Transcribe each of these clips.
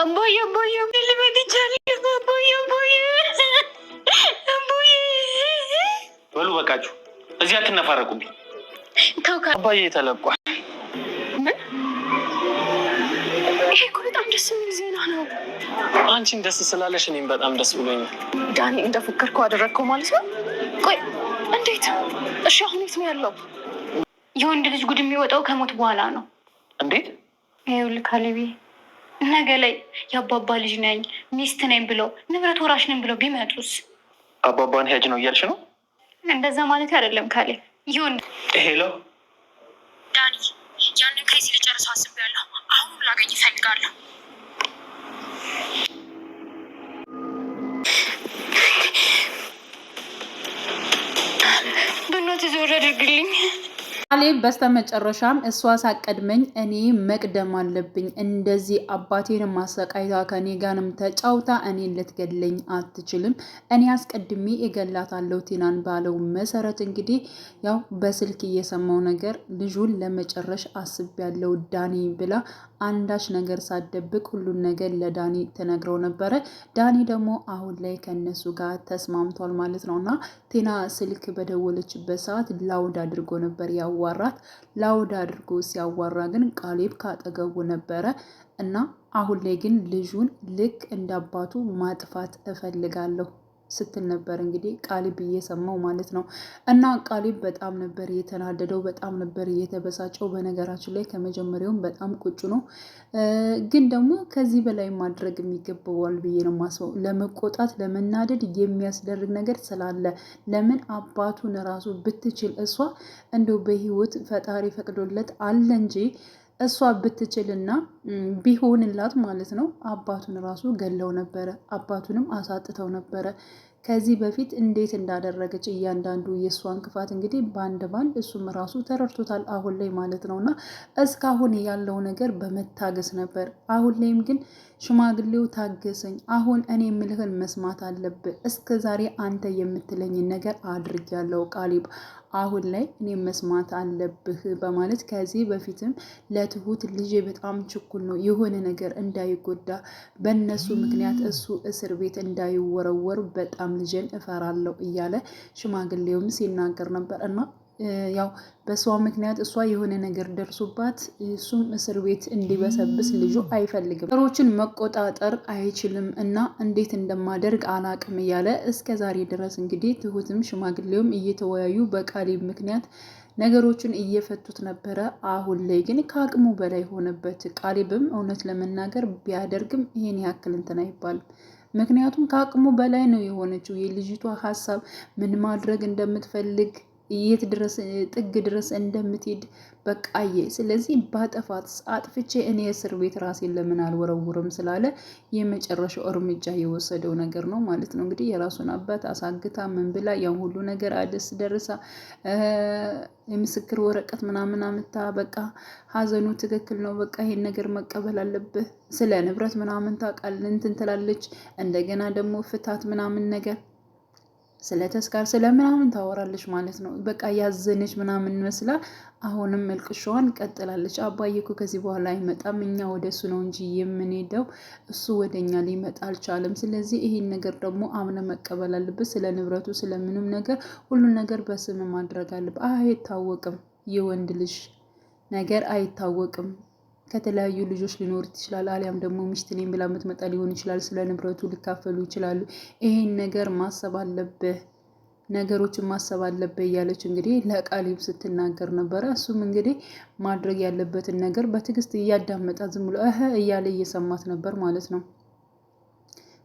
አምቦዬ አምቦዬ ልበድ ይቻልኝ አምቦዬ አምቦዬ በሉ በቃችሁ። እዚህ አትነፋረቁብኝ። ተው አባዬ ተለቋል። ይሄ እኮ በጣም ደስ የሚል ዜና ነው። አንቺን ደስ ስላለሽ እኔም በጣም ደስ ብሎኛል። ዳኒ እንደፎከርከው አደረግከው ማለት ነው። ቆይ እንዴት? እሺ አሁን የት ነው ያለው? የወንድ ልጅ ጉድ የሚወጣው ከሞት በኋላ ነው። እንዴት ይኸውልህ ካሌቤ ነገ ላይ የአባባ ልጅ ነኝ ሚስት ነኝ ብለው ንብረት ወራሽ ነኝ ብለው ቢመጡስ? አባባን ሂጅ ነው እያልሽ ነው? እንደዛ ማለት አይደለም ካሌ። ይሁን ሄሎ፣ ዳኒ ያንን ከዚህ ልጨርሰው አስቤያለሁ። አሁኑም ላገኝ ይፈልጋለሁ። ብኖት ዞር አድርግልኝ ካሌብ በስተመጨረሻም እሷ ሳቀድመኝ እኔ መቅደም አለብኝ፣ እንደዚህ አባቴን ማሰቃይታ ከኔ ጋርም ተጫውታ እኔ ልትገለኝ አትችልም፣ እኔ አስቀድሜ እገላታለሁ ቲናን ባለው መሰረት እንግዲህ ያው በስልክ እየሰማው ነገር ልጁን ለመጨረሽ አስቤያለሁ ዳኒ ብላ አንዳች ነገር ሳደብቅ ሁሉን ነገር ለዳኒ ተነግረው ነበረ። ዳኒ ደግሞ አሁን ላይ ከነሱ ጋር ተስማምቷል ማለት ነው እና ቲና ስልክ በደወለችበት ሰዓት ላውድ አድርጎ ነበር ያው ሲያዋራት ላውድ አድርጎ ሲያዋራ ግን ቃሌብ ካጠገቡ ነበረ እና አሁን ላይ ግን ልጁን ልክ እንዳባቱ ማጥፋት እፈልጋለሁ ስትል ነበር እንግዲህ ቃሊብ እየሰማው ማለት ነው። እና ቃሊብ በጣም ነበር እየተናደደው በጣም ነበር እየተበሳጨው በነገራችን ላይ ከመጀመሪያውም በጣም ቁጭ ነው፣ ግን ደግሞ ከዚህ በላይ ማድረግ የሚገባዋል ብዬ ነው ማስበው። ለመቆጣት ለመናደድ የሚያስደርግ ነገር ስላለ ለምን አባቱን ራሱ ብትችል እሷ እንደው በህይወት ፈጣሪ ፈቅዶለት አለ እንጂ እሷ ብትችልና ቢሆንላት ማለት ነው አባቱን ራሱ ገለው ነበረ። አባቱንም አሳጥተው ነበረ። ከዚህ በፊት እንዴት እንዳደረገች እያንዳንዱ የእሷን ክፋት እንግዲህ በአንድ ባንድ እሱም ራሱ ተረድቶታል፣ አሁን ላይ ማለት ነው። እና እስካሁን ያለው ነገር በመታገስ ነበር። አሁን ላይም ግን ሽማግሌው ታገሰኝ፣ አሁን እኔ የምልህን መስማት አለብህ። እስከ ዛሬ አንተ የምትለኝ ነገር አድርጊያለሁ ቃሊብ፣ አሁን ላይ እኔ መስማት አለብህ በማለት ከዚህ በፊትም ለትሁት ልጄ በጣም ችኩል ነው፣ የሆነ ነገር እንዳይጎዳ በእነሱ ምክንያት እሱ እስር ቤት እንዳይወረወር በጣም ልጄን እፈራለሁ እያለ ሽማግሌውም ሲናገር ነበር እና ያው በሷ ምክንያት እሷ የሆነ ነገር ደርሶባት እሱም እስር ቤት እንዲበሰብስ ልጁ አይፈልግም። ነገሮችን መቆጣጠር አይችልም እና እንዴት እንደማደርግ አላቅም እያለ እስከ ዛሬ ድረስ እንግዲህ ትሁትም ሽማግሌውም እየተወያዩ በቃሌብ ምክንያት ነገሮችን እየፈቱት ነበረ። አሁን ላይ ግን ከአቅሙ በላይ ሆነበት። ቃሌብም እውነት ለመናገር ቢያደርግም ይሄን ያክል እንትን አይባልም። ምክንያቱም ከአቅሙ በላይ ነው የሆነችው የልጅቷ ሀሳብ ምን ማድረግ እንደምትፈልግ የት ድረስ ጥግ ድረስ እንደምትሄድ በቃ አየ። ስለዚህ ባጠፋት አጥፍቼ እኔ እስር ቤት ራሴን ለምን አልወረውርም ስላለ የመጨረሻው እርምጃ የወሰደው ነገር ነው ማለት ነው። እንግዲህ የራሱን አባት አሳግታ ምን ብላ ያን ሁሉ ነገር አደስ ደርሳ የምስክር ወረቀት ምናምን አምታ በቃ ሀዘኑ ትክክል ነው፣ በቃ ይሄን ነገር መቀበል አለብህ። ስለ ንብረት ምናምን ታውቃለህ እንትን ትላለች። እንደገና ደግሞ ፍታት ምናምን ነገር ስለ ተስካር ስለ ምናምን ታወራለች ማለት ነው። በቃ ያዘነች ምናምን መስላ አሁንም እልቅሻዋን ቀጥላለች። አባዬ እኮ ከዚህ በኋላ አይመጣም፣ እኛ ወደ እሱ ነው እንጂ የምንሄደው እሱ ወደ እኛ ሊመጣ አልቻለም። ስለዚህ ይሄን ነገር ደግሞ አምነ መቀበል አለበት። ስለ ንብረቱ ስለምንም ነገር ሁሉን ነገር በስም ማድረግ አለበት። አይታወቅም፣ የወንድ ልጅ ነገር አይታወቅም። ከተለያዩ ልጆች ሊኖር ይችላል። አሊያም ደግሞ ሚስት እኔም ብላ የምትመጣ ሊሆን ይችላል። ስለ ንብረቱ ሊካፈሉ ይችላሉ። ይሄን ነገር ማሰብ አለብህ፣ ነገሮችን ማሰብ አለብህ እያለች እንግዲህ ለቃሊብ ስትናገር ነበረ። እሱም እንግዲህ ማድረግ ያለበትን ነገር በትዕግስት እያዳመጣ ዝም ብሎ እህ እያለ እየሰማት ነበር ማለት ነው።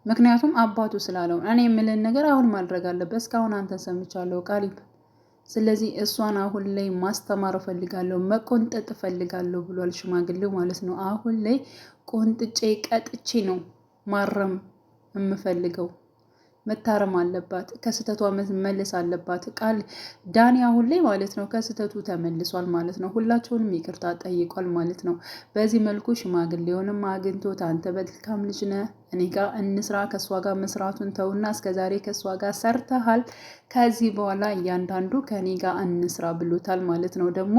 ምክንያቱም አባቱ ስላለው እኔ የምልን ነገር አሁን ማድረግ አለበት። እስካሁን አንተን ሰምቻለሁ ቃሊብ ስለዚህ እሷን አሁን ላይ ማስተማር እፈልጋለሁ፣ መቆንጠጥ እፈልጋለሁ ብሏል ሽማግሌው ማለት ነው። አሁን ላይ ቆንጥጬ ቀጥቼ ነው ማረም የምፈልገው። መታረም አለባት፣ ከስህተቷ መመለስ አለባት። ቃል ዳኒ አሁን ላይ ማለት ነው ከስህተቱ ተመልሷል ማለት ነው። ሁላቸውንም ይቅርታ ጠይቋል ማለት ነው። በዚህ መልኩ ሽማግሌውንም አግኝቶት አንተ በልካም ልጅ ነህ እኔ ጋር እንስራ ከእሷ ጋር መስራቱን ተውና እስከዛሬ ከእሷ ጋር ሰርተሃል፣ ከዚህ በኋላ እያንዳንዱ ከእኔ ጋር እንስራ ብሎታል ማለት ነው። ደግሞ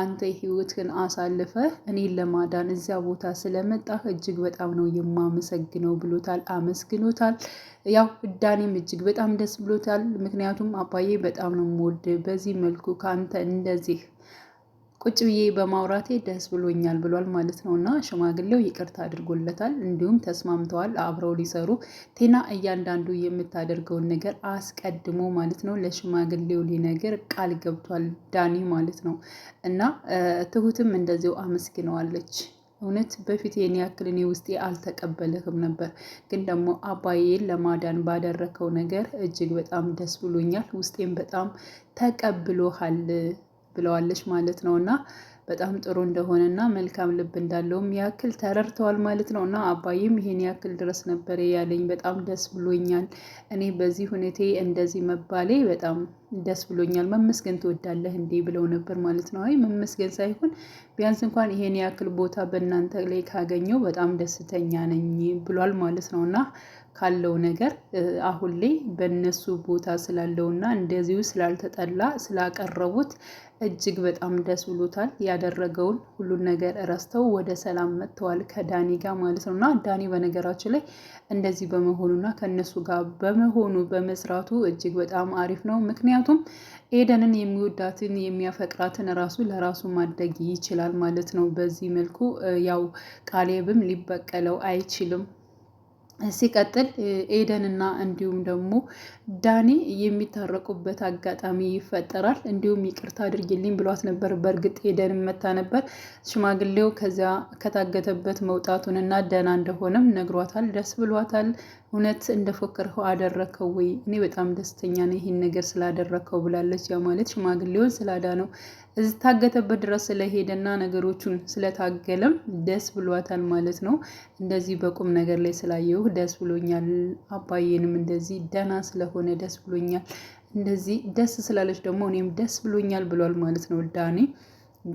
አንተ ህይወትህን አሳልፈህ እኔን ለማዳን እዚያ ቦታ ስለመጣህ እጅግ በጣም ነው የማመሰግነው ብሎታል፣ አመስግኖታል። ያው ዳኔም እጅግ በጣም ደስ ብሎታል። ምክንያቱም አባዬ በጣም ነው የምወድ በዚህ መልኩ ከአንተ እንደዚህ ቁጭ ብዬ በማውራቴ ደስ ብሎኛል ብሏል ማለት ነው። እና ሽማግሌው ይቅርታ አድርጎለታል፣ እንዲሁም ተስማምተዋል አብረው ሊሰሩ። ቴና እያንዳንዱ የምታደርገውን ነገር አስቀድሞ ማለት ነው ለሽማግሌው ሊነገር ቃል ገብቷል ዳኒ ማለት ነው። እና ትሁትም እንደዚው አመስግነዋለች። እውነት በፊት የኔ ያክል እኔ ውስጤ አልተቀበለህም ነበር፣ ግን ደግሞ አባዬን ለማዳን ባደረከው ነገር እጅግ በጣም ደስ ብሎኛል። ውስጤም በጣም ተቀብሎሃል ብለዋለች ማለት ነው እና በጣም ጥሩ እንደሆነ እና መልካም ልብ እንዳለውም ያክል ተረድተዋል ማለት ነው እና አባዬም ይሄን ያክል ድረስ ነበር ያለኝ። በጣም ደስ ብሎኛል። እኔ በዚህ ሁኔቴ እንደዚህ መባሌ በጣም ደስ ብሎኛል። መመስገን ትወዳለህ እንዴ ብለው ነበር ማለት ነው። አይ መመስገን ሳይሆን ቢያንስ እንኳን ይሄን ያክል ቦታ በእናንተ ላይ ካገኘው በጣም ደስተኛ ነኝ ብሏል ማለት ነው እና ካለው ነገር አሁን ላይ በእነሱ ቦታ ስላለውና እንደዚሁ ስላልተጠላ ስላቀረቡት እጅግ በጣም ደስ ብሎታል። ያደረገውን ሁሉን ነገር ረስተው ወደ ሰላም መጥተዋል ከዳኒ ጋር ማለት ነው። እና ዳኒ በነገራችን ላይ እንደዚህ በመሆኑና ከእነሱ ጋር በመሆኑ በመስራቱ እጅግ በጣም አሪፍ ነው። ምክንያቱም ኤደንን የሚወዳትን የሚያፈቅራትን ራሱ ለራሱ ማደግ ይችላል ማለት ነው። በዚህ መልኩ ያው ቃሌብም ሊበቀለው አይችልም ሲቀጥል ኤደን ኤደንና እንዲሁም ደግሞ ዳኒ የሚታረቁበት አጋጣሚ ይፈጠራል። እንዲሁም ይቅርታ አድርጊልኝ ብሏት ነበር። በእርግጥ ኤደን መታ ነበር። ሽማግሌው ከዚያ ከታገተበት መውጣቱን እና ደህና እንደሆነም ነግሯታል። ደስ ብሏታል። እውነት እንደፎከርከው አደረከው ወይ? እኔ በጣም ደስተኛ ነኝ ይህን ነገር ስላደረከው ብላለች። ያ ማለት ሽማግሌውን ስላዳ ነው እዝታገተበት ታገተበት ድረስ ስለሄደና ነገሮቹን ስለታገለም ደስ ብሏታል ማለት ነው። እንደዚህ በቁም ነገር ላይ ስላየው ደስ ብሎኛል። አባዬንም እንደዚህ ደህና ስለሆነ ደስ ብሎኛል። እንደዚህ ደስ ስላለች ደግሞ እኔም ደስ ብሎኛል ብሏል ማለት ነው ዳኔ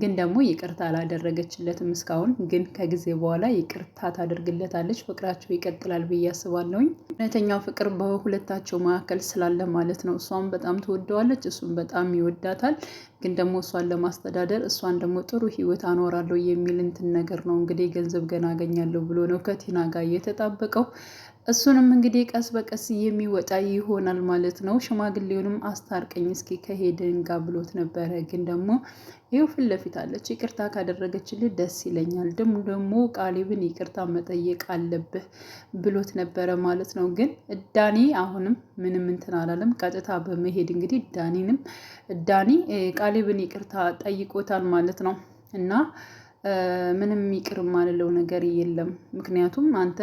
ግን ደግሞ ይቅርታ አላደረገችለትም እስካሁን። ግን ከጊዜ በኋላ ይቅርታ ታደርግለታለች፣ ፍቅራቸው ይቀጥላል ብዬ አስባለሁኝ። እውነተኛው ፍቅር በሁለታቸው መካከል ስላለ ማለት ነው። እሷም በጣም ትወደዋለች፣ እሱም በጣም ይወዳታል። ግን ደግሞ እሷን ለማስተዳደር እሷን ደግሞ ጥሩ ህይወት አኖራለሁ የሚል እንትን ነገር ነው እንግዲህ ገንዘብ ገና አገኛለሁ ብሎ ነው ከቲና ጋር የተጣበቀው። እሱንም እንግዲህ ቀስ በቀስ የሚወጣ ይሆናል ማለት ነው። ሽማግሌውንም አስታርቀኝ እስኪ ከሄድን ጋር ብሎት ነበረ። ግን ደግሞ ይኸው ፊት ለፊት አለች። ይቅርታ ካደረገችልህ ደስ ይለኛል፣ ደሞ ደግሞ ቃሊብን ይቅርታ መጠየቅ አለብህ ብሎት ነበረ ማለት ነው። ግን ዳኒ አሁንም ምንም እንትን አላለም። ቀጥታ በመሄድ እንግዲህ ዳኒንም ዳኒ ቃሊብን ይቅርታ ጠይቆታል ማለት ነው እና ምንም ይቅር የማልለው ነገር የለም። ምክንያቱም አንተ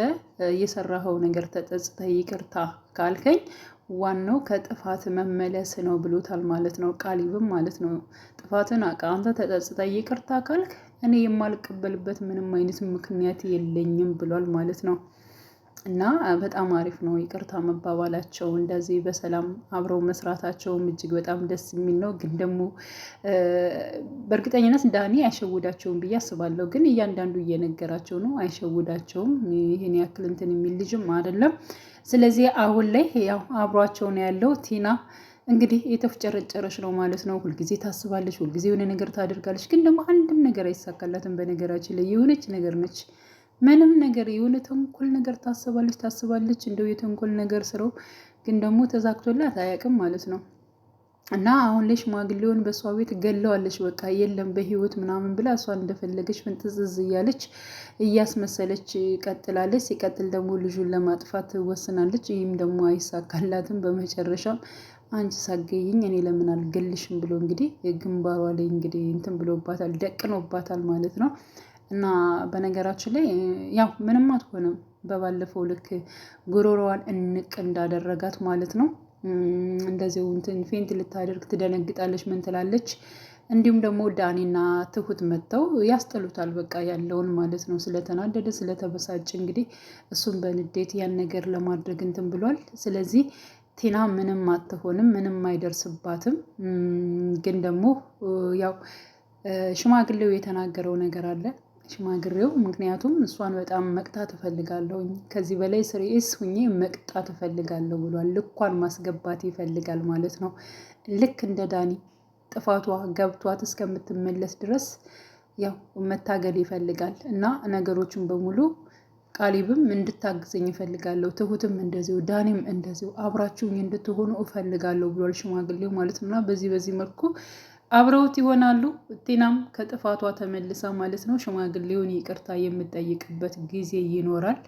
የሰራኸው ነገር ተጸጽተህ ይቅርታ ካልከኝ ዋናው ከጥፋት መመለስ ነው ብሎታል ማለት ነው፣ ቃሊብም ማለት ነው። ጥፋትን አቃ አንተ ተጸጽተህ ይቅርታ ካልክ እኔ የማልቀበልበት ምንም አይነት ምክንያት የለኝም ብሏል ማለት ነው። እና በጣም አሪፍ ነው ይቅርታ መባባላቸው እንደዚህ በሰላም አብረው መስራታቸውም እጅግ በጣም ደስ የሚል ነው። ግን ደግሞ በእርግጠኝነት ዳኒ አይሸውዳቸውም ብዬ አስባለሁ። ግን እያንዳንዱ እየነገራቸው ነው፣ አይሸውዳቸውም። ይህን ያክል እንትን የሚል ልጅም አይደለም። ስለዚህ አሁን ላይ ያው አብሯቸውን ያለው ቲና እንግዲህ የተፍጨረጨረች ነው ማለት ነው። ሁልጊዜ ታስባለች፣ ሁልጊዜ የሆነ ነገር ታደርጋለች። ግን ደግሞ አንድም ነገር አይሳካላትም። በነገራችን ላይ የሆነች ነገር ነች ምንም ነገር የሆነ ተንኮል ነገር ታስባለች ታስባለች እንደው የተንኮል ነገር ስረው ግን ደግሞ ተዛግቶላት አያውቅም ማለት ነው። እና አሁን ላይ ሽማግሌውን በእሷ ቤት ገለዋለች። በቃ የለም በህይወት ምናምን ብላ እሷን እንደፈለገች ፍንጥዝዝ እያለች እያስመሰለች ቀጥላለች። ሲቀጥል ደግሞ ልጁን ለማጥፋት ወስናለች። ይህም ደግሞ አይሳካላትም። በመጨረሻም አንቺ ሳገይኝ እኔ ለምን አልገልሽም ብሎ እንግዲህ ግንባሯ ላይ እንግዲህ እንትን ብሎባታል፣ ደቅኖባታል ማለት ነው። እና በነገራችን ላይ ያው ምንም አትሆንም በባለፈው ልክ ጉሮሮዋን እንቅ እንዳደረጋት ማለት ነው። እንደዚህ እንትን ፌንት ልታደርግ ትደነግጣለች፣ ምን ትላለች። እንዲሁም ደግሞ ዳኒና ትሁት መጥተው ያስጠሉታል፣ በቃ ያለውን ማለት ነው። ስለተናደደ ስለተበሳጭ እንግዲህ እሱም በንዴት ያን ነገር ለማድረግ እንትን ብሏል። ስለዚህ ቲና ምንም አትሆንም፣ ምንም አይደርስባትም። ግን ደግሞ ያው ሽማግሌው የተናገረው ነገር አለ ማግሬው። ምክንያቱም እሷን በጣም መቅጣት እፈልጋለሁ፣ ከዚህ በላይ ስሬስ ሁኜ መቅጣት እፈልጋለሁ ብሏል። ልኳን ማስገባት ይፈልጋል ማለት ነው። ልክ እንደ ዳኒ ጥፋቷ ገብቷት እስከምትመለስ ድረስ ያው መታገል ይፈልጋል እና ነገሮችን በሙሉ ቃሊብም እንድታግዘኝ እፈልጋለሁ፣ ትሁትም እንደዚሁ፣ ዳኒም እንደዚሁ አብራችሁኝ እንድትሆኑ እፈልጋለሁ ብሏል ሽማግሌው ማለት ነው እና በዚህ በዚህ መልኩ አብረውት ይሆናሉ። ቲናም ከጥፋቷ ተመልሳ ማለት ነው ሽማግሌውን ይቅርታ የምጠይቅበት ጊዜ ይኖራል።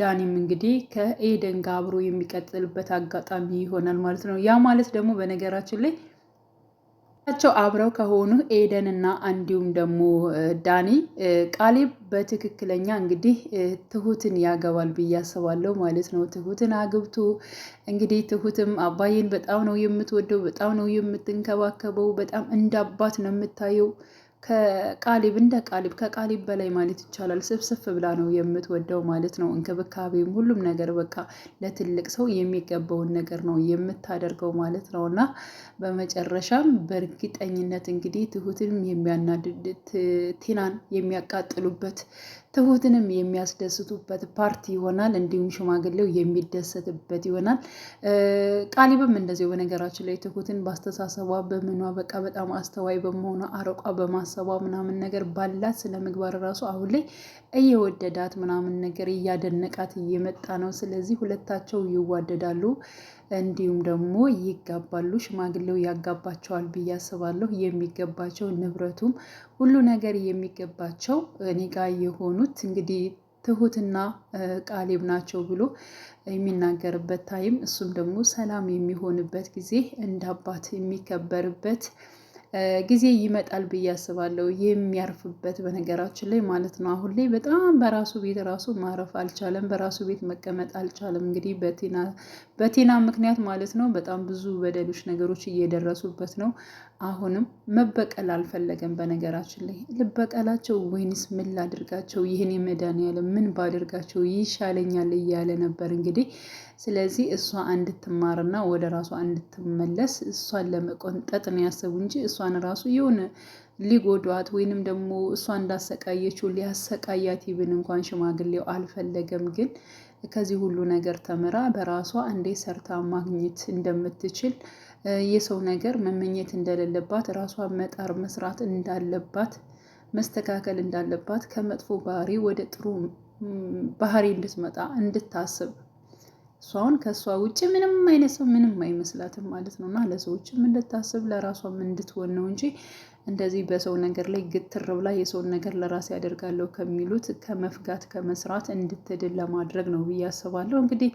ዳኒም እንግዲህ ከኤደን ጋር አብሮ የሚቀጥልበት አጋጣሚ ይሆናል ማለት ነው። ያ ማለት ደግሞ በነገራችን ላይ ቸው አብረው ከሆኑ ኤደን እና እንዲሁም ደግሞ ዳኒ ቃሌብ በትክክለኛ እንግዲህ ትሁትን ያገባል ብዬ አስባለሁ ማለት ነው። ትሁትን አግብቶ እንግዲህ ትሁትም አባዬን በጣም ነው የምትወደው፣ በጣም ነው የምትንከባከበው፣ በጣም እንደ አባት ነው የምታየው ከቃሊብ እንደ ቃሊብ ከቃሊብ በላይ ማለት ይቻላል። ስብስፍ ብላ ነው የምትወደው ማለት ነው። እንክብካቤም ሁሉም ነገር በቃ ለትልቅ ሰው የሚገባውን ነገር ነው የምታደርገው ማለት ነው። እና በመጨረሻም በእርግጠኝነት እንግዲህ ትሁትንም የሚያናድድ ቲናን የሚያቃጥሉበት ትሁትንም የሚያስደስቱበት ፓርቲ ይሆናል። እንዲሁም ሽማግሌው የሚደሰትበት ይሆናል። ቃሊብም እንደዚሁ በነገራችን ላይ ትሁትን በአስተሳሰቧ በምኗ በቃ በጣም አስተዋይ በመሆኗ አረቋ በማሰቧ ምናምን ነገር ባላት ስነ ምግባር ራሱ አሁን ላይ እየወደዳት ምናምን ነገር እያደነቃት እየመጣ ነው። ስለዚህ ሁለታቸው ይዋደዳሉ፣ እንዲሁም ደግሞ ይጋባሉ። ሽማግሌው ያጋባቸዋል ብዬ አስባለሁ። የሚገባቸው ንብረቱም ሁሉ ነገር የሚገባቸው እኔ ጋር የሆኑት እንግዲህ ትሁትና ቃሌብ ናቸው ብሎ የሚናገርበት ታይም እሱም ደግሞ ሰላም የሚሆንበት ጊዜ እንደ አባት የሚከበርበት ጊዜ ይመጣል ብዬ አስባለሁ። የሚያርፍበት በነገራችን ላይ ማለት ነው። አሁን ላይ በጣም በራሱ ቤት ራሱ ማረፍ አልቻለም። በራሱ ቤት መቀመጥ አልቻለም። እንግዲህ በቴና ምክንያት ማለት ነው በጣም ብዙ በደሎች፣ ነገሮች እየደረሱበት ነው። አሁንም መበቀል አልፈለገም። በነገራችን ላይ ልበቀላቸው ወይንስ ምን ላድርጋቸው፣ ይህን የመድኃኒዓለም ምን ባድርጋቸው ይሻለኛል እያለ ነበር እንግዲህ ስለዚህ እሷ እንድትማርና ወደ ራሷ እንድትመለስ እሷን ለመቆንጠጥ ነው ያሰቡ እንጂ እሷን ራሱ የሆነ ሊጎዷት ወይንም ደግሞ እሷ እንዳሰቃየችው ሊያሰቃያት ይብን እንኳን ሽማግሌው አልፈለገም። ግን ከዚህ ሁሉ ነገር ተምራ በራሷ እንዴት ሰርታ ማግኘት እንደምትችል የሰው ነገር መመኘት እንደሌለባት ራሷ መጣር መስራት እንዳለባት መስተካከል እንዳለባት ከመጥፎ ባህሪ ወደ ጥሩ ባህሪ እንድትመጣ እንድታስብ እሷውን ከእሷ ውጭ ምንም አይነት ሰው ምንም አይመስላትም ማለት ነው። እና ለሰዎችም እንድታስብ ለራሷም እንድትሆን ነው እንጂ እንደዚህ በሰው ነገር ላይ ግትር ብላ የሰውን ነገር ለራስ ያደርጋለሁ ከሚሉት ከመፍጋት ከመስራት እንድትድል ለማድረግ ነው ብዬ አስባለሁ። እንግዲህ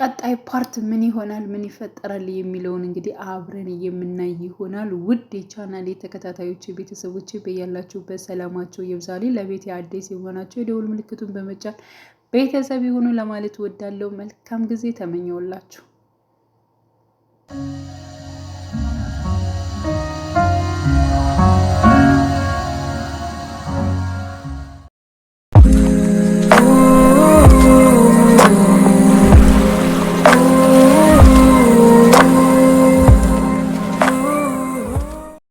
ቀጣይ ፓርት ምን ይሆናል፣ ምን ይፈጠራል የሚለውን እንግዲህ አብረን የምናይ ይሆናል። ውድ የቻናል የተከታታዮች ቤተሰቦች በያላችሁበት ሰላማቸው ይብዛልኝ። ለቤት የአዲስ የሆናቸው የደውል ምልክቱን በመጫን ቤተሰብ ይሁኑ ለማለት ወዳለው መልካም ጊዜ ተመኘውላችሁ።